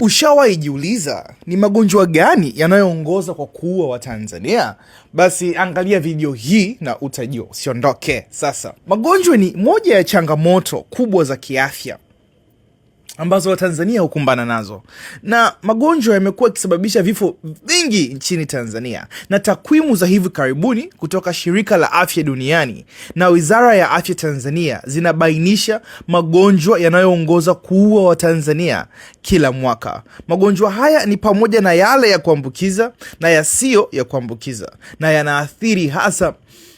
ushawaijiuliza jiuliza ni magonjwa gani yanayoongoza kwa kuua Watanzania? Basi angalia video hii na utajua, usiondoke. Sasa, magonjwa ni moja ya changamoto kubwa za kiafya ambazo Watanzania hukumbana nazo na magonjwa yamekuwa yakisababisha vifo vingi nchini Tanzania, na takwimu za hivi karibuni kutoka Shirika la Afya Duniani na Wizara ya Afya Tanzania zinabainisha magonjwa yanayoongoza kuua Watanzania kila mwaka. Magonjwa haya ni pamoja na yale ya kuambukiza na yasiyo ya kuambukiza, na yanaathiri hasa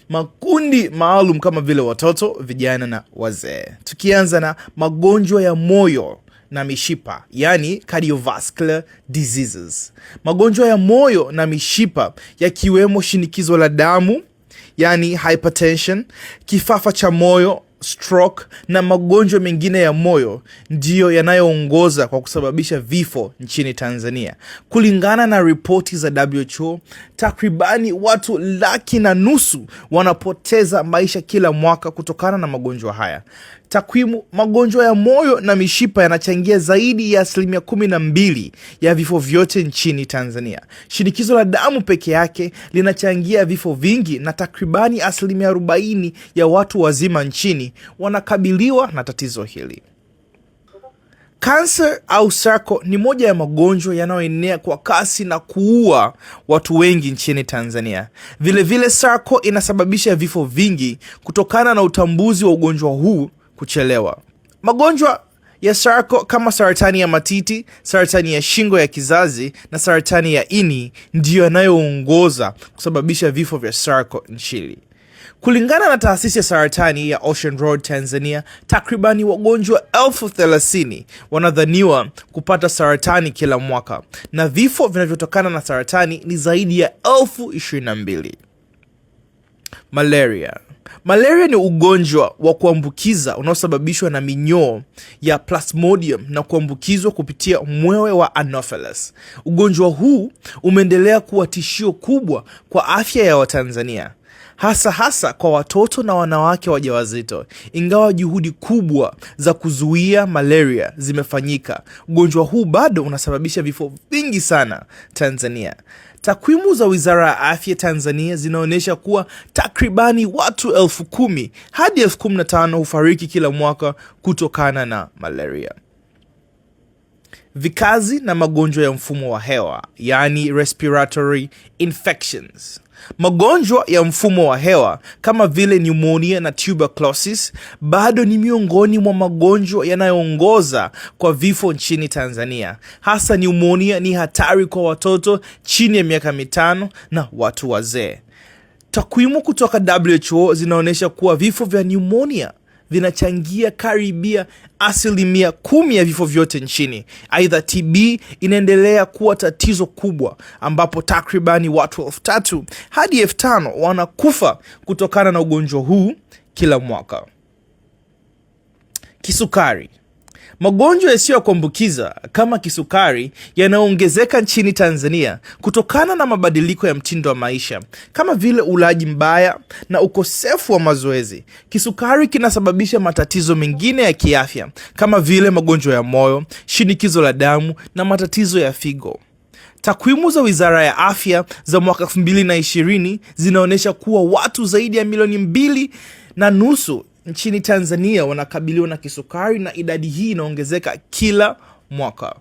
makundi maalum kama vile watoto, vijana na wazee. Tukianza na magonjwa ya moyo na mishipa, yani cardiovascular diseases, magonjwa ya moyo na mishipa yakiwemo shinikizo la damu, yani hypertension, kifafa cha moyo stroke na magonjwa mengine ya moyo ndiyo yanayoongoza kwa kusababisha vifo nchini Tanzania. Kulingana na ripoti za WHO, takribani watu laki na nusu wanapoteza maisha kila mwaka kutokana na magonjwa haya. Takwimu, magonjwa ya moyo na mishipa yanachangia zaidi ya asilimia kumi na mbili ya vifo vyote nchini Tanzania. Shinikizo la damu peke yake linachangia vifo vingi na takribani asilimia arobaini ya watu wazima nchini wanakabiliwa na tatizo hili. Kansa au sarco ni moja ya magonjwa yanayoenea kwa kasi na kuua watu wengi nchini Tanzania. Vilevile vile inasababisha vifo vingi kutokana na utambuzi wa ugonjwa huu kuchelewa. Magonjwa ya sarco kama saratani ya matiti, saratani ya shingo ya kizazi na saratani ya ini ndiyo yanayoongoza kusababisha vifo vya sarco nchini. Kulingana na taasisi ya saratani ya Ocean Road Tanzania, takribani wagonjwa elfu thelathini wanadhaniwa kupata saratani kila mwaka na vifo vinavyotokana na saratani ni zaidi ya elfu ishirini na mbili. Malaria. Malaria ni ugonjwa wa kuambukiza unaosababishwa na minyoo ya plasmodium na kuambukizwa kupitia mwewe wa Anopheles. Ugonjwa huu umeendelea kuwa tishio kubwa kwa afya ya Watanzania hasa hasa kwa watoto na wanawake wajawazito. Ingawa juhudi kubwa za kuzuia malaria zimefanyika, ugonjwa huu bado unasababisha vifo vingi sana Tanzania. Takwimu za Wizara ya Afya Tanzania zinaonyesha kuwa takribani watu elfu kumi hadi elfu kumi na tano hufariki kila mwaka kutokana na malaria. Vikazi na magonjwa ya mfumo wa hewa, yaani respiratory infections. Magonjwa ya mfumo wa hewa kama vile pneumonia na tuberculosis bado ni miongoni mwa magonjwa yanayoongoza kwa vifo nchini Tanzania. Hasa pneumonia ni hatari kwa watoto chini ya miaka mitano na watu wazee. Takwimu kutoka WHO zinaonyesha kuwa vifo vya pneumonia vinachangia karibia asilimia kumi ya vifo vyote nchini. Aidha, TB inaendelea kuwa tatizo kubwa, ambapo takribani watu elfu tatu hadi elfu tano wanakufa kutokana na ugonjwa huu kila mwaka. Kisukari Magonjwa kuambukiza kama kisukari yanaongezeka nchini Tanzania kutokana na mabadiliko ya mtindo wa maisha kama vile ulaji mbaya na ukosefu wa mazoezi. Kisukari kinasababisha matatizo mengine ya kiafya kama vile magonjwa ya moyo, shinikizo la damu na matatizo ya figo. Takwimu za Wizara ya Afya za mwaka 2020 zinaonyesha kuwa watu zaidi ya milioni mbili na nusu nchini Tanzania wanakabiliwa na kisukari na idadi hii inaongezeka kila mwaka.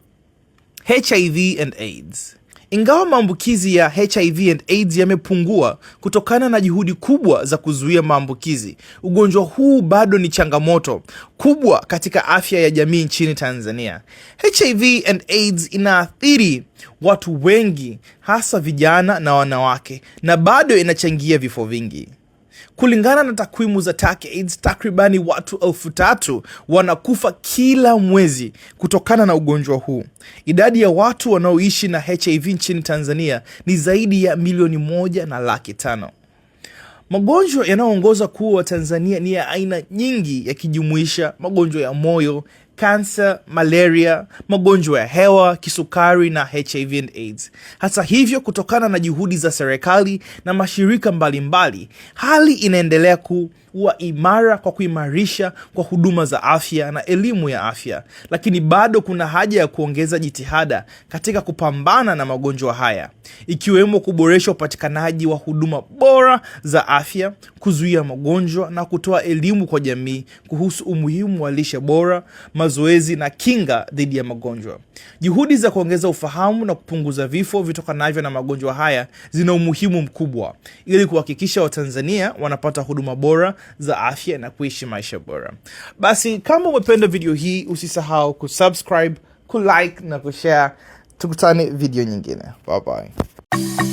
HIV and AIDS. Ingawa maambukizi ya HIV and AIDS yamepungua kutokana na juhudi kubwa za kuzuia maambukizi, ugonjwa huu bado ni changamoto kubwa katika afya ya jamii nchini Tanzania. HIV and AIDS inaathiri watu wengi, hasa vijana na wanawake, na bado inachangia vifo vingi. Kulingana na takwimu za TACAIDS, takribani watu elfu tatu wanakufa kila mwezi kutokana na ugonjwa huu. Idadi ya watu wanaoishi na HIV nchini Tanzania ni zaidi ya milioni moja na laki tano. Magonjwa yanayoongoza kuwa Tanzania ni ya aina nyingi yakijumuisha magonjwa ya moyo, kansa, malaria, magonjwa ya hewa, kisukari na HIV and AIDS. Hata hivyo, kutokana na juhudi za serikali na mashirika mbalimbali mbali, hali inaendelea ku kuwa imara kwa kuimarisha kwa huduma za afya na elimu ya afya, lakini bado kuna haja ya kuongeza jitihada katika kupambana na magonjwa haya, ikiwemo kuboresha upatikanaji wa huduma bora za afya, kuzuia magonjwa na kutoa elimu kwa jamii kuhusu umuhimu wa lishe bora, mazoezi na kinga dhidi ya magonjwa. Juhudi za kuongeza ufahamu na kupunguza vifo vitokanavyo na magonjwa haya zina umuhimu mkubwa ili kuhakikisha Watanzania wanapata huduma bora za afya na kuishi maisha bora. Basi kama umependa video hii, usisahau kusubscribe, kulike na kushare. Tukutane video nyingine. Bye bye.